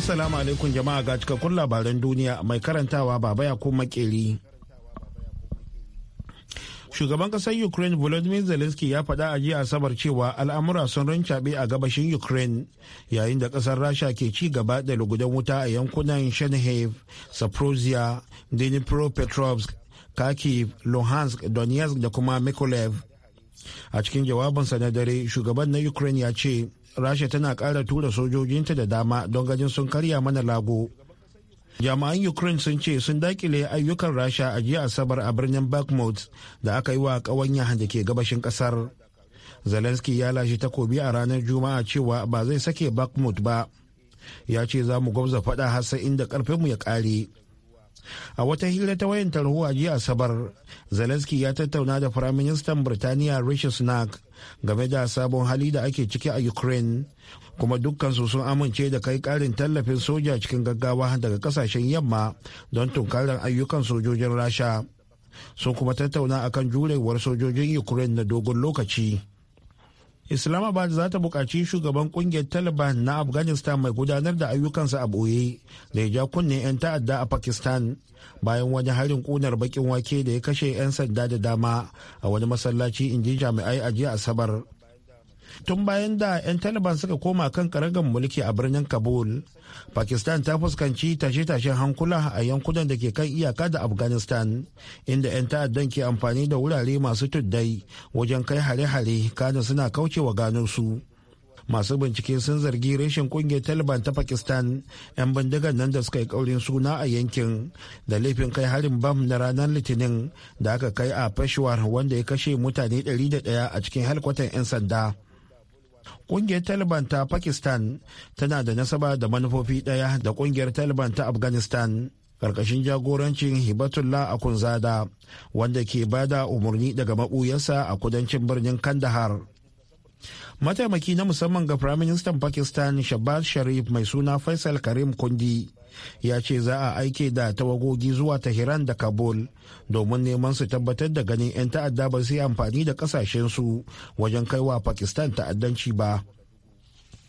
Assalamu alaikum jama'a ga cikakkun labaran duniya mai karantawa baba ya ko makeri. Shugaban kasar Ukraine Volodymyr Zelensky ya faɗa a jiya Asabar cewa al'amura sun rancaɓe a gabashin Ukraine yayin da ƙasar Rasha ke ci gaba da lugudan wuta a yankunan Shenhev, Saprosia, Dnipropetrovsk, Kharkiv, Luhansk, Donetsk da kuma Mykolaiv. a cikin jawabinsa na dare shugaban na ukraine ya ce rasha tana ƙara tura sojojinta da dama don gajin sun karya mana lago jami'an ukraine sun ce sun dakile ayyukan rasha a jiya asabar a birnin bakhmut da aka yi wa ƙawanya da ke gabashin ƙasar zelensky ya lashe takobi a ranar juma'a cewa ba zai sake bakhmut ba ya ce za mu gwamza faɗa har sai inda ƙarfinmu ya ƙare a wata hira ta wayan tarho a jiya asabar zelensky ya tattauna da firaministan birtaniya rishi snack game da sabon hali da ake ciki a ukraine kuma dukkansu sun amince da kai karin tallafin soja cikin gaggawa daga kasashen yamma don tunkarar ayyukan sojojin rasha sun kuma tattauna akan jurewar sojojin ukraine na dogon lokaci islamabad za ta buƙaci shugaban ƙungiyar taliban na afghanistan mai gudanar da ayyukansa a ɓoye da ya ja kunne 'yan ta'adda a pakistan bayan wani harin ƙunar baƙin wake da ya kashe 'yan sanda da dama a wani masallaci in inji jami'ai a jiya asabar tun bayan da 'yan taliban suka koma kan karagar mulki a birnin kabul pakistan ta fuskanci tashe-tashen hankula a yankunan da ke kan iyaka da afghanistan inda 'yan ta'addan ke amfani da wurare masu tuddai wajen kai hare-hare kana suna kaucewa gano su masu bincike sun zargi reshen kungiyar taliban ta pakistan 'yan bindigar nan da suka yi kaurin suna a yankin da laifin kai harin bam na ranar litinin da aka kai a peshawar wanda ya kashe mutane 100 a cikin halkwatan 'yan sanda Ƙungiyar Taliban ta Pakistan tana da nasaba da manufofi ɗaya da ƙungiyar Taliban ta Afghanistan. karkashin jagorancin hibatullah akunzada wanda ke bada umarni daga mabuyarsa a kudancin birnin kandahar Mataimaki na musamman ga prime minister Pakistan shabaz Sharif mai suna Faisal Karim Kundi ya ce za a aike da tawagogi zuwa Tehran da Kabul domin neman su tabbatar da ganin 'yan ta'adda ba su yi amfani da kasashensu wajen kaiwa Pakistan ta'addanci ba.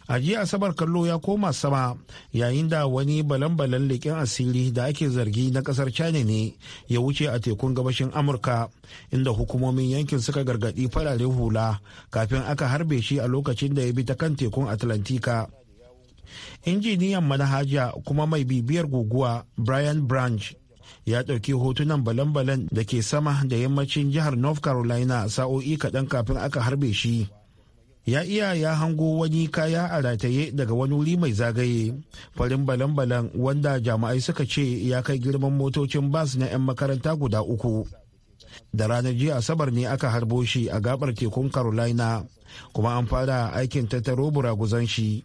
a jiya asabar kallo ya koma sama yayin da wani balan-balan leƙen asiri da ake zargi na ƙasar china ne ya wuce a tekun gabashin amurka inda hukumomin yankin suka gargaɗi farare hula kafin aka harbe shi a lokacin da ya bi ta kan tekun atlantika injiniyan manhaja kuma mai bibiyar guguwa brian branch ya ɗauki hotunan balan-balan da ke sama da yammacin jihar north carolina sa'o'i kaɗan kafin aka harbe shi. ya iya ya hango wani kaya a rataye daga wani wuri mai zagaye farin balan-balan wanda jama'ai suka ce ya kai girman motocin bas na 'yan makaranta guda uku da ranar jiya asabar ne aka harbo shi a gabar tekun carolina kuma an fara aikin tattaro buraguzan shi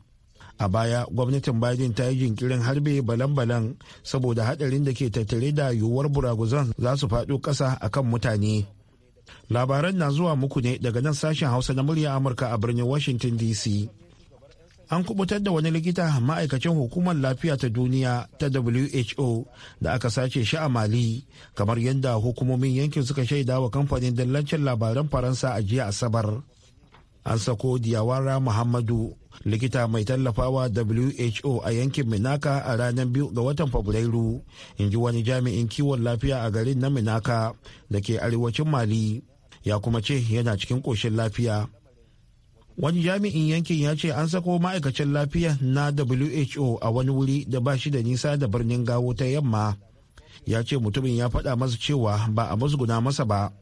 a baya gwamnatin biden ta yi jinkirin harbe balan-balan saboda hadarin da ke tattare da yiwuwar buraguzan za su faɗo ƙasa akan mutane Labaran na zuwa muku ne daga nan sashen Hausa na murya Amurka a birnin Washington DC. An kubutar da wani likita ma'aikacin hukumar lafiya ta duniya ta WHO da aka sace shi a Mali, kamar yadda hukumomin yankin suka shaida wa kamfanin dallancin labaran Faransa a jiya Asabar. an sako diyawara muhammadu likita mai tallafawa who a yankin minaka a ranar biyu ga watan fabrairu in ji wani jami'in kiwon lafiya a garin na minaka da ke arewacin mali ya kuma ce yana cikin ƙoshin lafiya wani jami'in yankin ya ce an sako ma'aikacin lafiya na who a wani wuri da ba shi da nisa da birnin gawo ta yamma ya ce mutumin ya faɗa masa cewa ba a musguna masa ba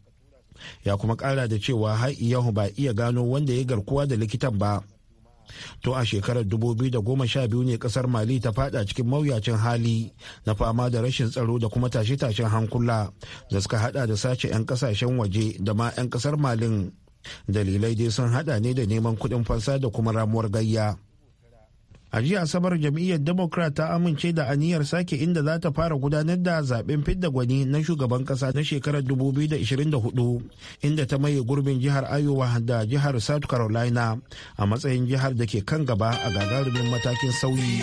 ya kuma kara da cewa har iyahu ba iya gano wanda ya garkuwa da likitan ba to a shekarar 2012 ne kasar mali ta fada cikin mawuyacin hali na fama da rashin tsaro da kuma tashe-tashen hankula da suka hada da sace 'yan kasashen waje da ma 'yan kasar malin dalilai dai sun hada ne da neman kudin fansa da kuma ramuwar gayya a jiya asabar jam'iyyar democrat ta amince da aniyar sake inda za ta fara gudanar da zaben fidda gwani na shugaban kasa na shekarar 2024 inda ta maye gurbin jihar iowa da jihar south carolina a matsayin jihar da ke kan gaba a gagarumin matakin sauyi.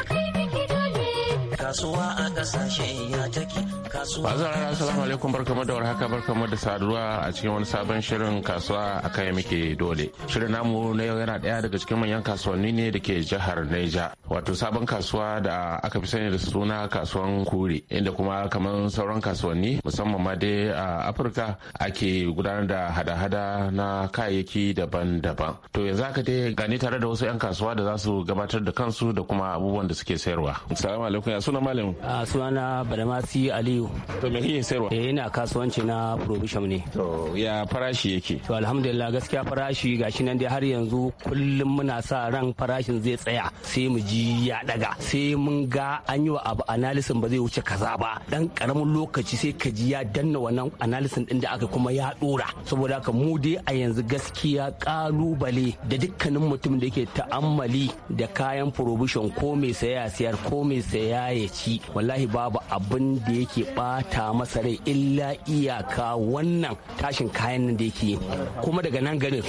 kasuwa a kasashe ya take kasuwa assalamu alaikum barkamu da warhaka barkamu da saduwa a cikin wani sabon shirin kasuwa a kai muke dole shirin namu na yau yana daya daga cikin manyan kasuwanni ne da ke jihar Neja wato sabon kasuwa da aka fi sani da suna kasuwan kure inda kuma kamar sauran kasuwanni musamman ma dai a Afirka ake gudanar da hada-hada na kayayyaki daban-daban to yanzu aka dai gani tare da wasu 'yan kasuwa da za su gabatar da kansu da kuma abubuwan da suke sayarwa assalamu alaikum ya suna sunan a sunana badamasi aliyu to me kike sayarwa eh ina kasuwanci na provision ne to ya farashi yake to alhamdulillah gaskiya farashi gashi nan dai har yanzu kullum muna sa ran farashin zai tsaya sai mu ji ya daga sai mun ga an yi wa abu analysis ba zai wuce kaza ba dan karamin lokaci sai ka ji ya danna wannan analysis din da aka kuma ya dora saboda haka mu dai a yanzu gaskiya kalubale da dukkanin mutum da yake ta'ammali da kayan provision ko mai saya siyar ko mai saya ya ci wallahi babu abin da yake bata masa rai illa iyaka wannan tashin kayan nan da yake kuma daga nan garin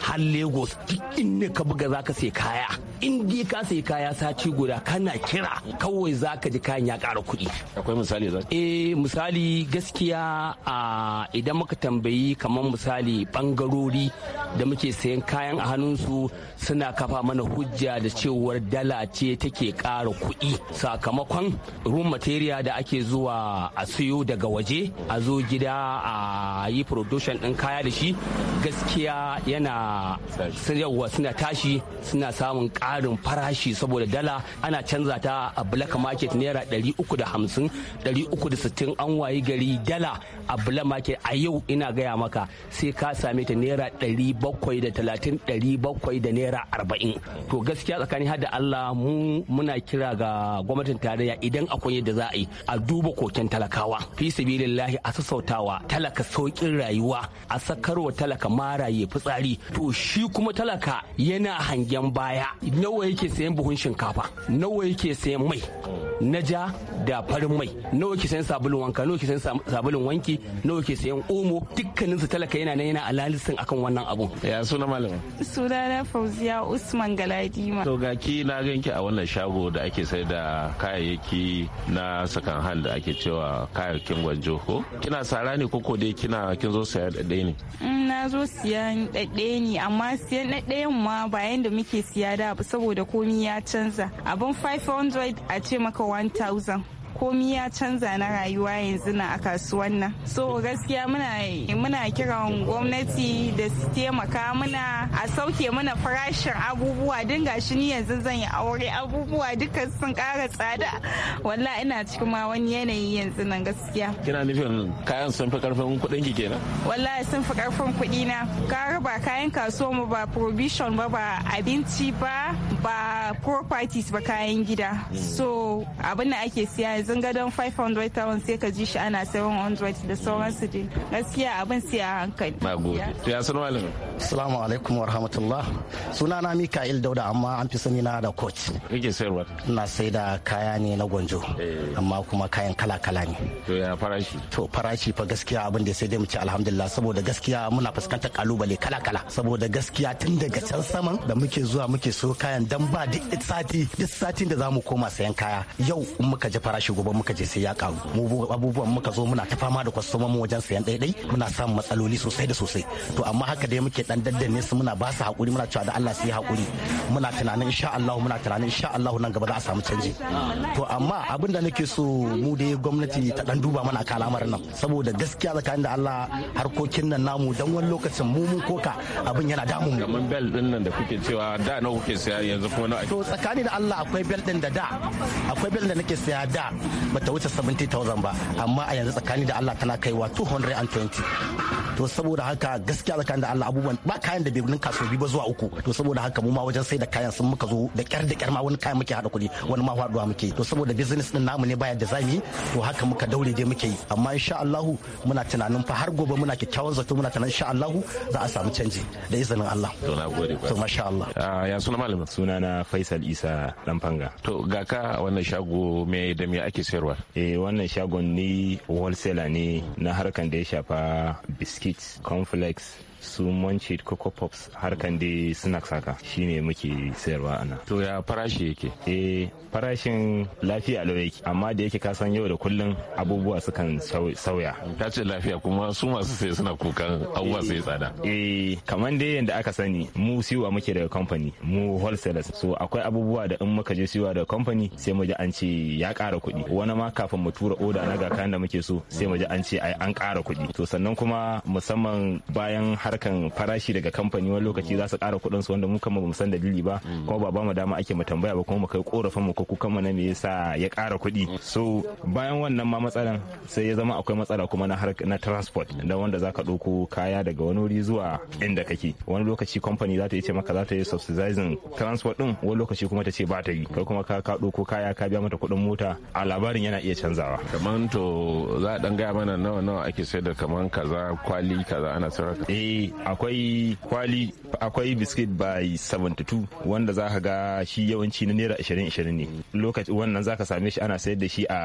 har lagos duk inda ka buga za ka sai kaya in dai ka sai kaya sati guda kana kira kawai za ka ji kayan ya ƙara kuɗi akwai misali za eh misali gaskiya a idan muka tambayi kamar misali bangarori da muke sayan kayan a hannun su suna kafa mana hujja da cewa dala ce take ƙara kuɗi sakamakon room material da ake zuwa a siyo daga waje a zo gida a yi production ɗin kaya da shi gaskiya yana suna suna tashi suna samun ƙarin farashi saboda dala ana canza ta a black market naira 350 360 an wayi gari dala a black market a yau ina gaya maka sai ka same ta naira 730 700 da naira 40 to gaskiya tsakanin har Allah mu muna kira ga gwamnatin tarayya idan akwai yadda za a yi a duba koken talakawa fi sabilillahi a sassautawa talaka saukin rayuwa a sakarwa talaka maraye fitsari to shi kuma talaka yana hangen baya nawa yake sayan buhun shinkafa nawa yake sayan mai na ja da farin mai nawa yake sayan sabulun wanka nawa yake sayan sabulun wanki nawa yake sayan omo dukkanin su talaka yana nan yana alalisin akan wannan abun ya suna malama suna na fauziya usman galadima to ga ki na ganki a wannan shago da ake sai da kayayyaki na sakan hand da ake cewa kayayyakin gwanjo ko kina sara ne koko dai kina kin zo saya da ne mm, na zo siyan daɗe ne yi amma siyan na ɗayan ma ba da muke siya da saboda komi ya canza abin 500 a ce maka 1000 komi ya canza na rayuwa yanzu na a kasuwan nan so gaskiya muna muna kiran gwamnati da su taimaka muna a sauke mana farashin abubuwa din gashi ni yanzu zan yi aure abubuwa duka sun kara tsada walla ina cikin ma wani yanayi yanzu nan gaskiya kina nufin kayan sun fi karfin kuɗin ki kenan wallahi sun fi karfin kuɗi na ka ba kayan kasuwa mu ba provision ba ba abinci ba ba properties ba kayan gida so abin da ake siya yanzu gadon 500 town sai ka ji shi ana 700 da sauransu dai gaskiya abin sai a hankali na gode to ya sanu malamin assalamu alaikum wa rahmatullah suna na mika'il dauda amma an fi sani na da coach kike sayarwa ina sai da kaya ne na gwanjo eh. amma kuma kayan kala kala ne to ya farashi to farashi fa gaskiya abin da sai dai mu ci alhamdulillah saboda gaskiya muna fuskantar kalubale kala kala saboda gaskiya tun daga can saman da muke zuwa muke so kayan dan ba duk sati duk satin da zamu koma sayan kaya yau in muka ji farashi shi gobe muka je sai ya karu mu abubuwan muka zo muna ta fama da kwastoman mu wajen sayan daidai muna samun matsaloli sosai da sosai to amma haka dai muke dan ne su muna ba su hakuri muna cewa da Allah sai hakuri muna tunanin insha Allah muna tunanin insha Allah nan gaba za a samu canji to amma abin da nake so mu dai gwamnati ta dan duba mana kan al'amarin nan saboda gaskiya tsakanin da Allah harkokin nan namu dan wani lokacin mu mun koka abin yana damun mu kamar bel din nan da kuke cewa da nawa kuke saya yanzu kuma nawa to tsakani da Allah akwai bel din da da akwai bel da nake saya da bata wuce 70,000 ba amma a yanzu tsakani da Allah tana kaiwa 220 to saboda haka gaskiya tsakanin da Allah abubuwan ba kayan da bai kaso bi ba zuwa uku to saboda haka mu ma wajen sai da kayan sun muka zo da kyar da kyar ma wani kayan muke hada kudi wani ma faduwa muke to saboda business din namu ne baya da zami to haka muka daure dai muke yi amma insha Allah muna tunanin fa har gobe muna kyakkyawan zato muna tunanin insha Allah za a samu canji da izinin Allah to na gode to masha Allah ah, ya suna malamin suna na Faisal Isa Lamfanga to ga ka wannan shago me da me ake sayarwa eh wannan shagon ni wholesaler ne na harkan da ya shafa biscuits cornflakes su munchit coco pops harkan dai saka haka shine muke sayarwa ana to ya farashi yake eh farashin lafiya lau yake amma da yake ka san yau da kullun abubuwa sukan sauya ka ce lafiya kuma su masu sai suna kukan abubuwa sai tsada eh kamar dai yanda aka sani mu siwa muke daga company mu wholesalers so akwai abubuwa da in muka je siwa daga company sai mu ji an ce ya ƙara kuɗi wani ma kafin mu tura oda na ga kayan da muke so sai mu ji an ce ai an ƙara kuɗi to sannan kuma musamman bayan harkan farashi daga kamfani wani lokaci za su ƙara kuɗin su wanda mu kama bamu san dalili ba mm. kuma ba ba mu dama ake mu tambaya ba kuma mu kai korafin mu ko kukan mu na me yasa ya kara kuɗi so bayan wannan ma matsalan sai ya zama akwai matsala kuma na na transport da wanda zaka ɗauko kaya daga wani wuri zuwa inda kake wani lokaci kamfani za ta yi ce maka za ta yi subsidizing transport din wani lokaci kuma ta ce ba ta yi kai kuma ka ka ɗauko kaya ka biya mata kuɗin mota a labarin yana iya canzawa kamar to za a dan gaya mana nawa nawa ake sayar da kaman kaza kwali kaza ana saraka. eh akwai kwali akwai biskit by 72 wanda za ka ga shi yawanci na naira 20-20 ne lokaci wannan za ka same shi ana sayar da shi a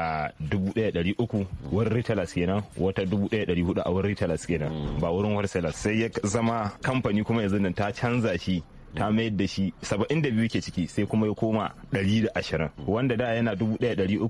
1,300 wurin retailers kenan wata 1,400 a wurin retailers kenan ba wurin wholesalers sai ya zama kamfani kuma yanzu ta canza shi ta mayar da shi 72 ke ciki sai kuma ya koma 120 wanda da yana 1300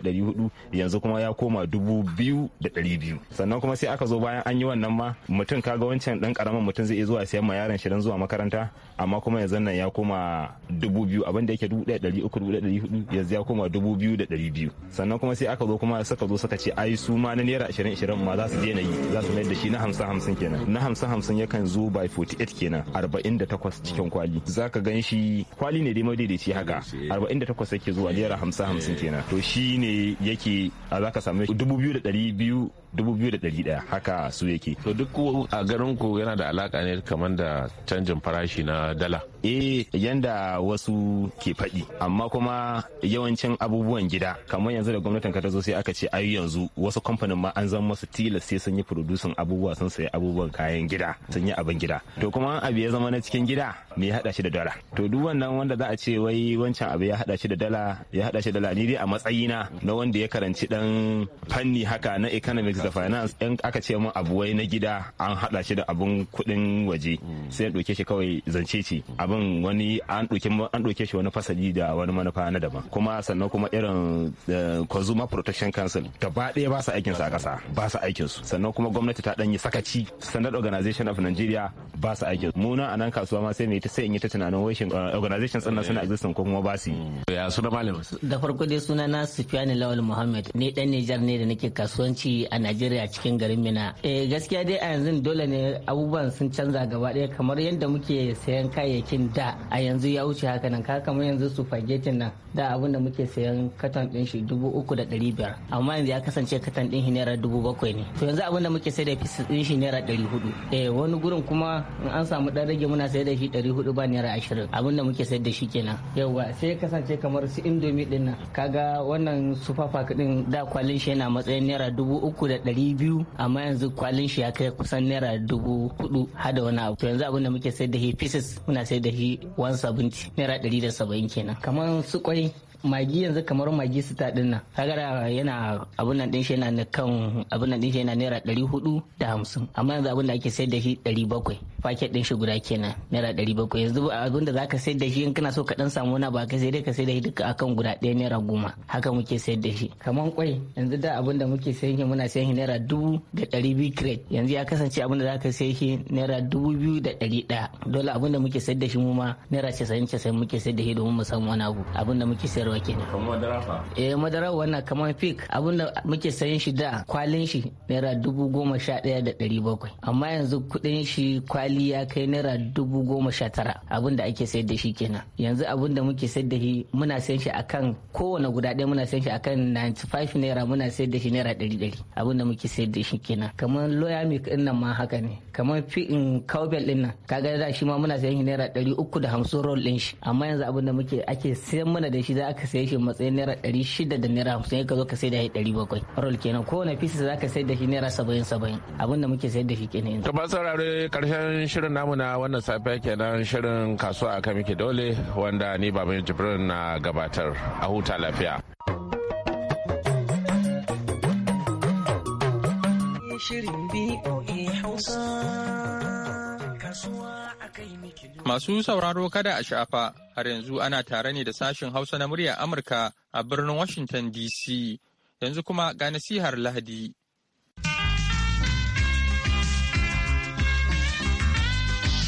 1400 yanzu kuma ya koma 2200 sannan kuma sai aka zo bayan an yi wannan ma mutum kaga wancan dan karamin mutum zai iya zuwa siyan ma yaron shi dan zuwa makaranta amma kuma yanzu nan ya koma 2000 abin da yake 1300 1400 yanzu ya koma 2200 sannan kuma sai aka zo kuma suka zo suka ce ai su ma na naira 20 20 ma za su daina yi za su mayar da shi na 50 50 kenan na 50 50 yakan zo by 48 kenan 48 cikin kyan kwali zaka gan shi kwali ne dai madaidaici haka 48 eh. yake zuwa naira 50 50 eh. kenan to shi ne yake a zaka samu 2200 2,100 haka su yake to duk a garin ku yana da alaka ne kamar da canjin farashi na dala eh yanda wasu ke faɗi amma kuma yawancin abubuwan gida kamar yanzu da gwamnatin ka ta zo sai aka ce ayi yanzu wasu kamfanin ma an zan masu tilas sai sun yi producing abubuwa sun sayi abubuwan kayan gida sun yi abin gida to kuma abu ya zama na cikin gida me ya hada shi da dala to duk wannan wanda za a ce wai wancan abu ya hada shi da dala ya hada shi da dala ni dai a matsayina na wanda ya karanci dan fanni haka na economics tax da finance in aka ce mun abu wai na gida an hada shi da abun kudin waje mm. sai an ɗauke shi kawai zance ce abin wani an ɗauke shi wani fasali da wani manufa na daban kuma sannan kuma irin eh, consumer protection council gaba ɗaya ba su aikin sa a ba su aikin su sannan kuma gwamnati ta danyi sakaci standard organization of nigeria ba su aikin mu nan anan kasuwa ma sai mai ta sai in yi ta tunanin washin eh, organization sannan suna eh. existing ko kuma ba su ya suna malam da farko dai suna na lawal muhammad ne dan nijar ne da nake kasuwanci a Najeriya cikin garin Mina. E eh, gaskiya dai a yanzu dole ne abubuwan sun canza gaba ɗaya kamar yadda muke sayan kayayyakin da a yanzu ya wuce haka nan ka kamar yanzu supageti nan da abin da muke sayan katon ɗin shi dubu uku da ɗari biyar amma yanzu ya kasance katon ɗin shi naira dubu bakwai ne to yanzu abin da muke sai da fisa ɗin shi naira ɗari hudu E eh, wani gurin kuma in an samu ɗan rage muna sai da shi ɗari hudu ba naira ashirin abin da muke sai da shi kenan Yawwa sai kasance kamar su indomi ɗin nan kaga wannan super pack ɗin da kwalin shi yana matsayin naira dubu uku da ɗari biyu amma yanzu kwalin shi ya kai kusan naira dubu hudu hada wani abu to yanzu abin da muke sayar da shi pieces muna sayar da shi 170 naira ɗari da saba'in kenan kamar su kwai magi yanzu kamar magi sita din nan kaga yana abun nan din shi yana na kan abun nan din shi yana naira ɗari hudu da hamsin amma yanzu abun da ake sayar da shi ɗari bakwai paket din shi guda kenan naira ɗari bakwai yanzu abun da zaka sayar da shi in kana so ka dan samu wani ba ka sai dai ka sayar da shi duka akan guda ɗaya naira goma haka muke sayar da shi kamar kwai yanzu da abun da muke sayar shi muna sayar shi naira dubu da ɗari biyu crate yanzu ya kasance abun da zaka sayar shi naira dubu biyu da ɗari ɗaya dole abun da muke sayar da shi mu ma naira casa'in casa'in muke sayar da shi domin mu samu wani abu abun da muke sayar sayarwa kenan kamar madara fa eh madara wannan kamar fik abinda muke sayan shi da kwalin shi naira dubu goma sha ɗaya da ɗari bakwai amma yanzu kuɗin shi kwali ya kai naira dubu goma sha tara abinda ake sayar da shi kenan yanzu abinda muke sayar da shi muna sayan shi akan kowane guda ɗaya muna sayan shi akan 95 naira muna sayar da shi naira ɗari ɗari abinda muke sayar da shi kenan kamar loya mi ɗin nan ma haka ne kamar fi'in mm, cowbell ɗin nan kaga da shi ma muna sayan shi naira ɗari uku da hamsin roll ɗin shi amma yanzu abinda muke ake sayan mana da shi za a. ka sai shi matsayin naira ɗari shida da naira hamsin ka zo ka sai da shi ɗari bakwai rol kenan kowane fisa za ka sai da shi naira saba'in saba'in abinda da muke sayar da shi kenan. yanzu. kamar saurare karshen shirin namu na wannan safiya kenan shirin kasuwa a muke dole wanda ni baban jibrin na gabatar a huta lafiya. shirin BOA Hausa kasuwa. Masu sauraro kada a shafa har yanzu ana tare ne da sashen Hausa na muryar Amurka a birnin Washington DC. Yanzu kuma ga nasihar Lahadi.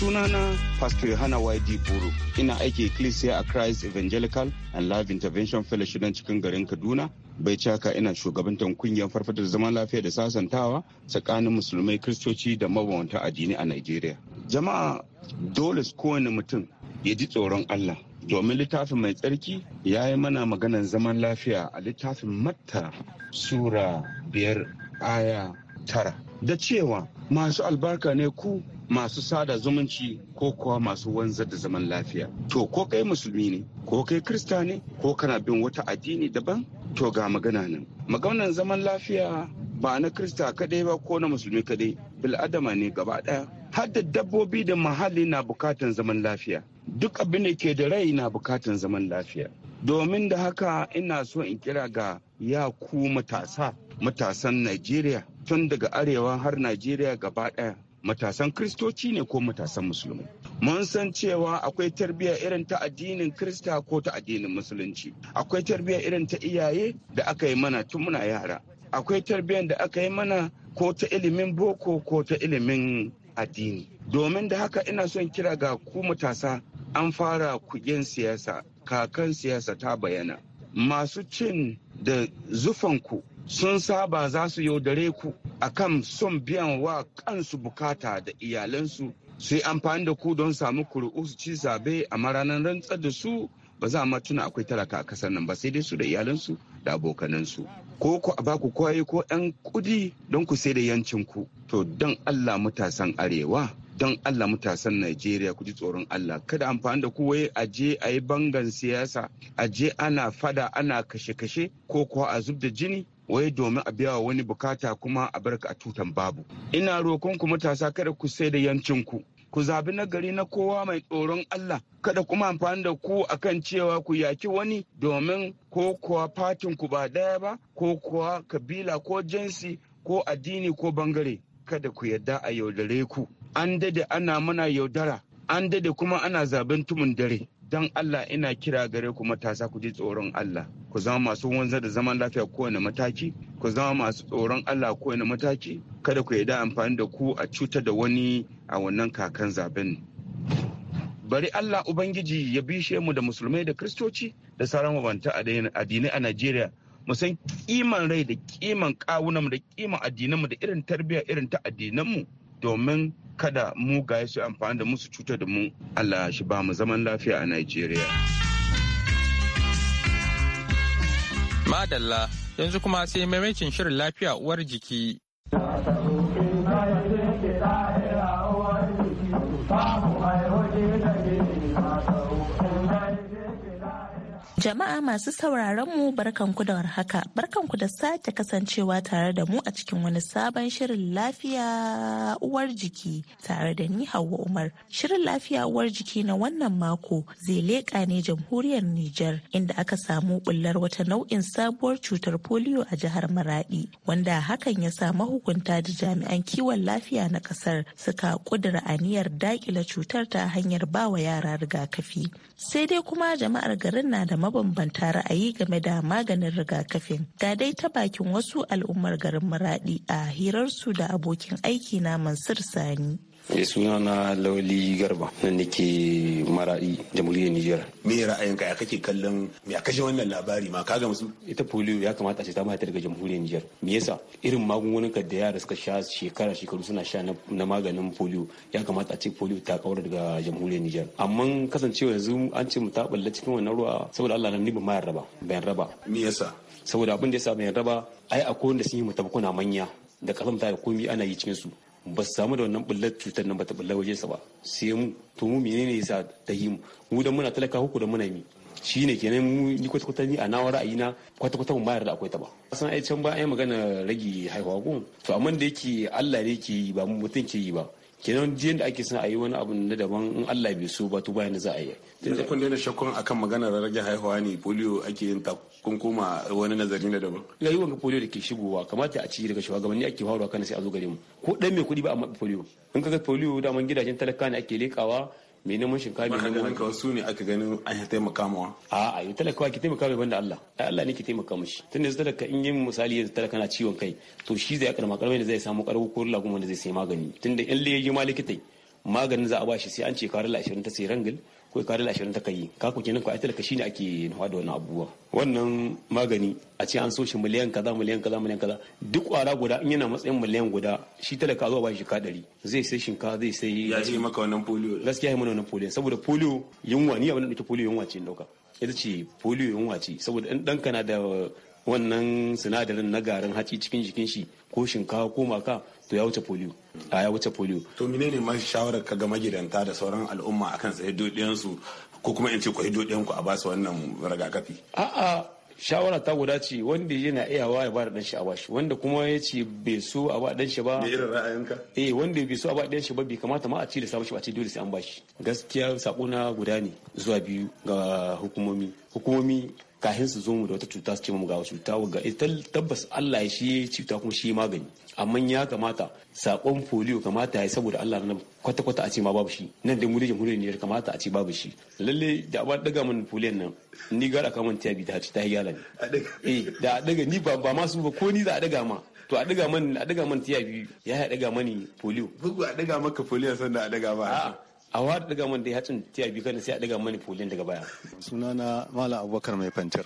Sunana Pastor Yohana YD Buru, ina aiki Ecclesia a Christ Evangelical and Life Intervention Fellowship don cikin garin Kaduna. Bai caka ina shugabantar kungiyar farfadar zaman lafiya da sasantawa tsakanin musulmai kristoci da mabawanta addini a Nigeria. Jama'a dole su kowane mutum ya ji tsoron Allah. Domin littafin mai tsarki ya yi mana maganar zaman lafiya a littafin Matta Sura biyar aya tara. Da cewa masu albarka ne ku masu sada zumunci ko kuwa masu wanzar da zaman lafiya to ko kai musulmi ne ko kai krista ne ko kana bin wata addini daban to ga magana nan Maganar zaman lafiya ba na krista kadai ba ko na musulmi kadai bil'adama ne gaba daya har da dabbobi da muhalli na bukatan zaman lafiya duk abin da ke da rai na bukatan zaman lafiya domin da haka ina so in kira ga ya ku matasa matasan najeriya tun daga arewa har najeriya gaba ɗaya. matasan kristoci ne ko matasan musulmi mun san cewa akwai tarbiyya irin ta addinin krista ko ta addinin musulunci akwai tarbiyya irin ta iyaye da aka yi mana tun muna yara akwai tarbiyyar da aka yi mana ko ta ilimin boko ko ta ilimin addini domin da haka ina son kira ga ku matasa an fara kugin siyasa kakan siyasa ta bayana masu cin da zufanku sun saba za su yaudare ku A kan son biyan wa kansu bukata da iyalansu su yi amfani da ku don samu kuri'u su ci zabe amma ranar rantsar da su ba za a tuna akwai talaka a kasar nan ba sai dai su da iyalansu da abokanansu ko ku a baku kwaye ko yan kudi don ku sai da yancin ku to don allah matasan arewa don allah matasan najeriya ku ji tsoron allah kada amfani da ku waye a je a yi bangan siyasa a je ana fada ana kashe-kashe ko kuwa a zub da jini wai domin a biya wa wani bukata kuma a barka a tutan babu ina rokon ku matasa kada ku sai da yancinku ku zabi nagari na kowa mai tsoron Allah kada kuma amfani da ku akan cewa ku yaki wani domin ko kuwa fatin ku ba daya ba ko kuwa kabila ko jinsi ko addini ko bangare kada ku yarda a yaudare ku an dade ana mana yaudara an dade kuma ana zaben tumun dare don Allah ina kira gare ku matasa ku ji tsoron Allah ku zama masu wanzar da zaman lafiya kowane mataki ku zama masu tsoron Allah kowane mataki kada ku yarda amfani da ku a cutar da wani a wannan kakan zaben bari Allah Ubangiji ya bishe mu da musulmai da kristoci da sauran mabanta addinai a Najeriya mu san kiman rai da kiman kawunanmu da kiman addinanmu da irin tarbiyya irin ta addinanmu domin kada mu gaya su amfani da musu cutar da mu Allah shi ba mu zaman lafiya a Najeriya. Madalla yanzu kuma sai maimakin shirin lafiya uwar jiki. Jama'a masu sauraron mu barkanku da warhaka, barkanku da sake kasancewa tare da mu a cikin wani sabon shirin lafiya uwar jiki tare da ni Hauwa Umar. Shirin lafiya uwar jiki na wannan mako zai leƙa ne jamhuriyar Nijar inda aka samu bullar wata nau'in sabuwar cutar polio a jihar Maradi wanda hakan ya sa mahukunta da jami'an kiwon lafiya na ƙasar suka kudura aniyar dakila cutar ta hanyar bawa yara rigakafi. Sai dai kuma jama'ar garin na da mabambanta ra'ayi game da maganin rigakafin ga dai ta bakin wasu al'ummar garin maradi a hirarsu da abokin aiki na mansur sani ya eh, suna na lauli garba nan nake mara'i jamhuriyar nijar me ra'ayinka ya kake kallon me ya kashe wannan labari ma ka gamsu ita polio ya kamata a ce ta mata daga jamhuriyar nijar me yasa irin magungunan da yara suka sha shekara shekaru suna sha na maganin polio ya kamata a ce polio ta kawar daga jamhuriyar nijar amma kasancewa yanzu an ce mu ta balla cikin wannan ruwa saboda Allah nan ni ba mayar raba bayan raba me yasa saboda abin da yasa bayan raba ai akwai wanda sun yi mutabakuna manya da kasan ta komi ana yi cikin su ba su samu da wannan bullar cutar nan ba ta bullar waje sa ba sai mu to mu menene yasa ta yi mu mu da muna talaka huku da muna mi shine kenan mu ni kwata kwata ni a nawa ra'ayi na kwata kwata mun bayar da akwai ta ba san ai can ba ai magana rage haihuwa ko to amma da yake Allah ne yake yi ba mu mutun ke yi ba kenan jiyan da ake son a yi wani abu na daban in Allah bai so ba to bayan da za a yi yanzu kun daina shakkun akan maganar rage haihuwa ne polio ake yin ta kun koma wani nazari na daban yi wanga polio da ke shigowa kamata a ci daga shugabanni ake faruwa kana sai a zo gare mu ko dan mai kuɗi ba a maɓi polio in ga polio daman gidajen talaka ne ake lekawa mai neman shinkafa mai neman wani su ne aka ganin an ya taimaka mawa a a yi talaka ki taimaka mai banda Allah ai Allah ne ki taimaka mishi tunda yanzu talaka in yi misali yanzu talaka na ciwon kai to shi zai karma karma da zai samu karbo ko lagun kuma zai sai magani tunda in le yaji ma likitai maganin za a bashi sai an ce karala 20 ta sai rangil ko ka dala lashirin ta kai ka ku kenan ku ai ka shine ake nufa da wannan abubuwa wannan magani a ce an so shi miliyan kaza miliyan kaza miliyan kaza duk kwara guda in yana matsayin miliyan guda shi talaka zuwa ba shi ka dari zai sai shinkafa zai sai ya ce maka wannan polio gaskiya ya mana wannan polio saboda polio yunwa ni abin da nake polio yunwa ce in dauka ita ce polio yunwa ce saboda dan kana na da wannan sinadarin na garin haci cikin jikin shi ko shinkawa ko maka to ya wuce polio a ya wuce polio to ne ma shawarar ka ga magidanta da sauran al'umma akan tsaye dodiyan su ko kuma in ce ku dodiyan ku a basu wannan rigakafi a'a shawara ta guda ce wanda yana wa ya ba da danshi a bashi wanda kuma ya ce bai so a ba danshi ba da irin ra'ayinka eh wanda bai so a ba danshi ba bai kamata ma a ci da sabon shi ba ce dole sai an bashi gaskiya sako na guda ne zuwa biyu ga hukumomi hukumomi kafin su zo mu da wata cuta su ce mu ga cuta ga eh, tabbas Allah ya shi cuta kuma shi magani amma ya kamata sakon polio kamata ya saboda Allah nan kwata kwata a ce ma babu shi nan da mu da jamhuriyar ne kamata a ce babu shi lalle da ba daga mun polio nan ni ga da mun tabi da ta yala ne eh da daga ni ba ba ma su ba ko ni za a daga ma to a daga man a daga man tiya biyu ya daga mani polio bugu a daga maka polio sannan a daga ma a wata daga man da ya cin tiya biyu kan sai a daga mani folin daga baya sunana mala abubakar mai fantar.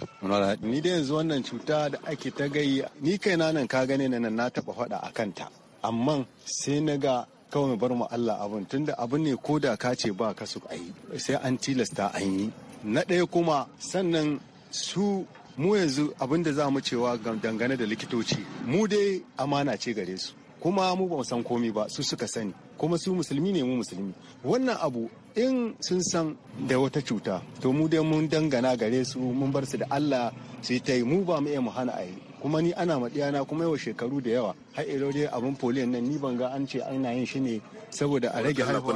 ni da yanzu wannan cuta da ake ta gayi ni kai na nan ka gane nan na taba faɗa a kanta amma sai na ga kawai mu bar mu Allah abin tunda abin ne ko da ka ce ba ka su ayi sai an tilasta an yi na ɗaya kuma sannan su mu yanzu abin da za mu cewa dangane da likitoci mu dai amana ce gare su kuma mu ba san komi ba su suka sani kuma su musulmi ne mu musulmi wannan abu in sun san da wata cuta to mu dai mun dangana gare su mun bar su da Allah su yi ta yi mu ba mu iya mu hana a yi kuma ni ana maɗiyana kuma yawa shekaru da yawa har ilo dai abin foliyon nan ni ban ga an ce ana yin shi ne saboda a rage haihuwa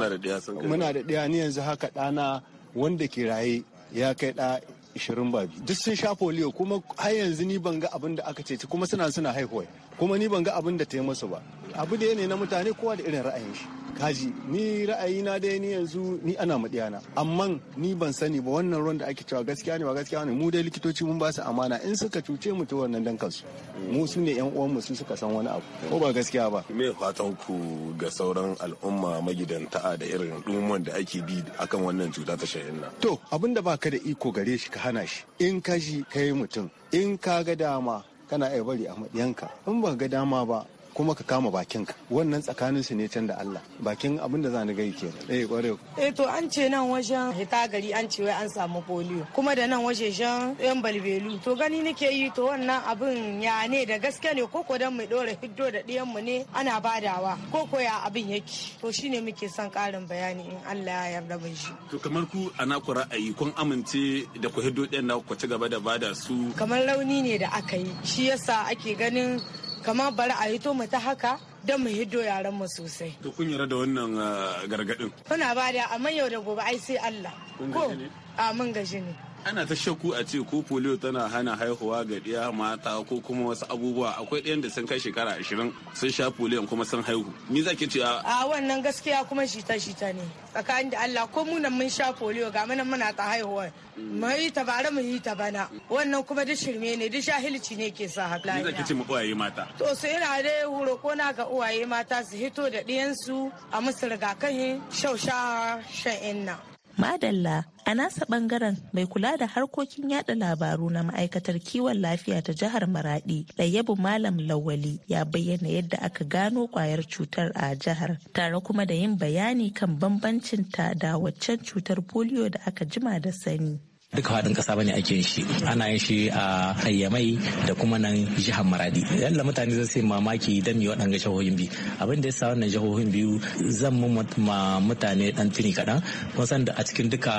muna da ɗaya ni yanzu haka ɗana wanda ke raye ya kai ɗa ishirin ba biyu duk sun sha foliyo kuma har yanzu ni ban ga abin da aka ce kuma suna suna haihuwa kuma ni ban ga abin da ta yi masa ba abu da ne na mutane kowa da irin ra'ayin shi kaji ni ra'ayina dai ni yanzu ni ana madiyana amma ni ban sani ba wannan ruwan da ake cewa gaskiya ne ba gaskiya ne mu dai likitoci mun ba su amana in suka cuce mu ta wannan dan kansu mu su ne yan uwan mu su suka san wani abu ko ba gaskiya ba me fatan ku ga sauran al'umma magidanta da irin dumon da ake bi akan wannan cuta ta shayin nan to abin da baka da iko gare shi ka hana shi in kaji kai mutum in ka ga dama kana iya bari a maɗiyanka in ba ga dama ba kuma ka kama bakin ka wannan tsakanin su ne can da Allah bakin abin da za ni gai kenan eh kware eh to an ce nan wajen hita gari an ce wai an samu polio kuma da nan waje jan yan balbelu to gani nake yi to wannan abin ya ne da gaske ne ko dan mu dora hiddo da ɗayan mu ne ana badawa ko ko ya abin yake to shine muke son karin bayani in Allah ya yarda mun shi to kamar ku ana ku ra'ayi kun amince da ku hiddo ɗin na ku ci gaba da bada su kamar rauni ne da aka yi shi yasa ake ganin kama bari a hito mu ta haka don mu hiddo yaran mu sosai. To kun yara da wannan ah, gargadin. Kuna ba da amma yau da gobe ai sai Allah. Ko a ah, mun gaji ne. ana ta shakku a ce ko polio tana hana haihuwa ga ɗiya mata ko kuma wasu abubuwa akwai ɗayan da sun kai shekara ashirin sun sha polio kuma sun haihu ni zaki ce a wannan gaskiya kuma shita shita ne tsakanin da Allah ko munan mun sha polio ga munan muna ta haihuwa mu yi ta bare mu yi ta bana wannan kuma da shirme ne da shahilci ne ke sa haka ni zaki ce mu uwaye mata to su ina da huro ko na ga uwaye mata su hito da ɗiyansu a musu rigakafin shausha shan inna Madalla a nasa bangaren mai kula da harkokin yada labaru na ma'aikatar kiwon lafiya ta jihar Maradi, Layyabu Malam Lawali ya bayyana yadda aka gano kwayar cutar a jihar, tare kuma da yin bayani kan bambancin ta da waccan cutar polio da aka jima da sani. duka faɗin kasa bane ake yin shi ana yin shi a hayyamai da kuma nan jihar maradi yalla mutane zai sai mamaki dan mi waɗanga jihohin biyu abin da ya sa wannan jihohin biyu zan mu ma mutane dan tuni kaɗan kun san da a cikin duka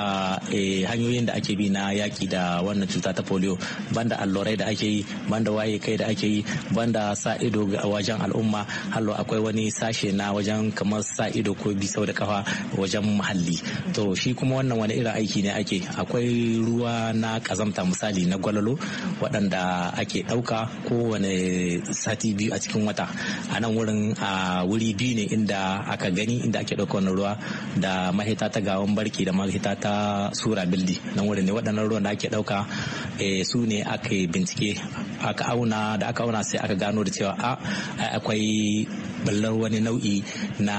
eh, hanyoyin da ake bi na yaƙi da wannan cuta ta polio banda allurai da ake yi banda waye kai da ake yi banda sa ido a wajen al'umma hallo akwai wani sashe na wajen kamar sa ido ko bi sau da kafa wajen muhalli to shi kuma wannan wani irin aiki ne ake akwai ruwa na kazamta misali na gwalalo waɗanda ake ɗauka kowane sati biyu a cikin wata a nan wurin a wuri biyu ne inda aka gani inda ake ɗauka wani ruwa da mahita ta gawan barki da mahita ta sura bildi nan wurin ne waɗannan ruwan da ake ɗauka e, su ne aka bincike aka auna da aka auna sai aka gano da cewa a akwai ballar wani nau'i na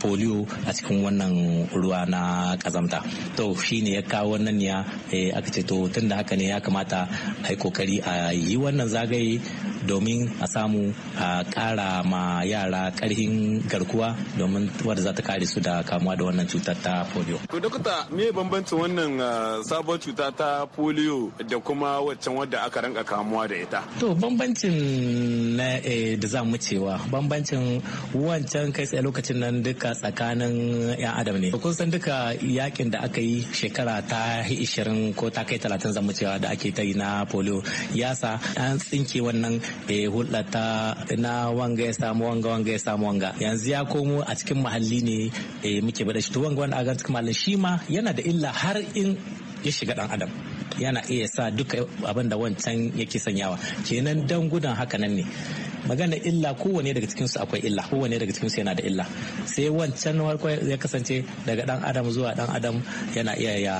polio a cikin wannan ruwa na kazamta to shi ne ya kawo wannan ya eh, aka ce to tun da haka ne ya kamata a yi kokari a yi wannan zagaye domin a samu a ƙara ma yara karhin garkuwa domin wadda za ta kare su da kamuwa da wannan cutar ta polio. To dokta me bambancin wannan ah, sabon cuta ta polio da kuma waccan wadda aka ranka kamuwa da ita? To bambancin na eh, da za mu cewa bambancin wancan kai tsaye lokacin nan duka tsakanin 'yan adam ne. Kun san duka yakin da aka yi shekara ta 20 ko ta kai 30 zamu cewa da ake ta yi na polio ya sa an tsinke wannan Eh, hulɗa ta na wanga ya samu wanga wanga ya samu wanga yanzu ya komo a cikin mahalli ne eh, muke bada shi to wanga wanda a cikin mahalli shi ma yana da illa har in ya shiga dan adam yana iya sa duka abin da wancan yake sanyawa kenan dan gudan haka ne magana illa kowane daga cikin su akwai illa kowane daga cikin su yana da illa sai wancan farko ya kasance daga dan adam zuwa dan adam yana iya ya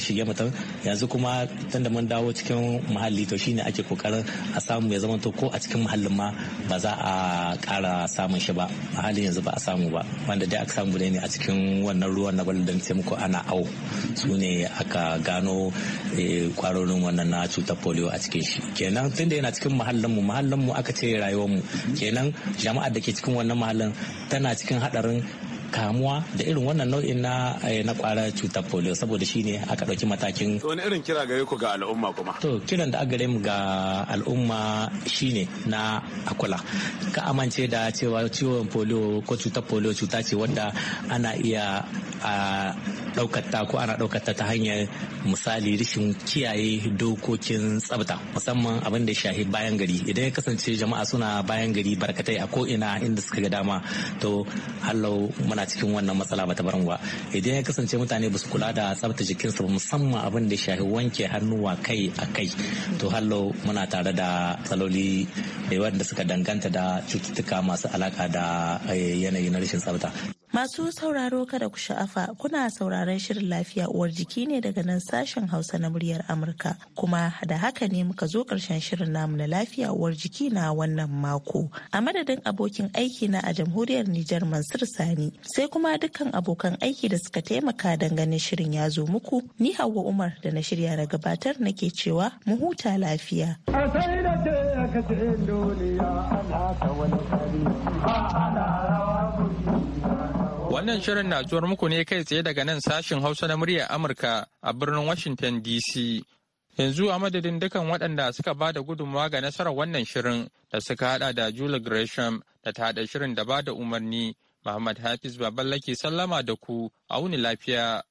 shige mutum yanzu kuma tunda mun dawo cikin muhalli to shine ake kokarin a samu ya zamanto ko a cikin muhallin ma ba za a kara samun shi ba muhallin yanzu ba a samu ba wanda dai aka samu ne a cikin wannan ruwan na gwaldan ce muku ana au su ne aka gano eh, kwarorin wannan na cutar polio a cikin shi kenan tunda yana cikin muhallin mu muhallin mu aka ce rayuwa mu kenan jama'ar da ke cikin wannan mahallin tana cikin haɗarin kamuwa da irin wannan nau'in na eh, na kwara cutar polio saboda shine aka ɗauki matakin wani irin kira gare ku ga al'umma kuma to kiran da aka mu ga al'umma shine na akula ka amince da cewa ciwon polio ko cutar polio cuta ce wanda ana iya a ah, ɗaukar ko ana ɗaukar ta hanyar misali rashin kiyaye dokokin tsabta musamman abin da shahi bayan gari idan ya kasance jama'a suna bayan gari barkatai a ina inda suka ga dama to hallau muna cikin wannan matsala bata barin ba idan ya kasance mutane ba su kula da tsabta jikinsu ba musamman abin da shahi wanke hannuwa kai a kai to hallau muna tare da tsaloli eh, da suka danganta da cututtuka masu alaka da eh, yanayi na rashin tsabta. Masu sauraro kada ku sha'afa kuna sauraron shirin lafiya uwar jiki ne daga nan sashen Hausa na muryar Amurka kuma da haka ne muka zo karshen shirin namu na lafiya uwar jiki na wannan mako. A madadin abokin aiki na a jamhuriyar Nijar Mansur Sani sai kuma dukkan abokan aiki da suka taimaka dangane shirin ya zo muku ni Hauwa Umar da na shirya na gabatar nake cewa mu huta lafiya. duniya ana ta wani kari ana rawa Wannan shirin na zuwar muku ne kai tsaye daga nan sashin Hausa na muryar Amurka a birnin Washington DC. Yanzu a madadin dukan waɗanda suka ba da gudunmawa ga nasarar wannan shirin da suka haɗa da Julie Gresham da ta haɗa shirin da ba da umarni, Muhammad Hafiz Baballake sallama da ku, a wuni lafiya.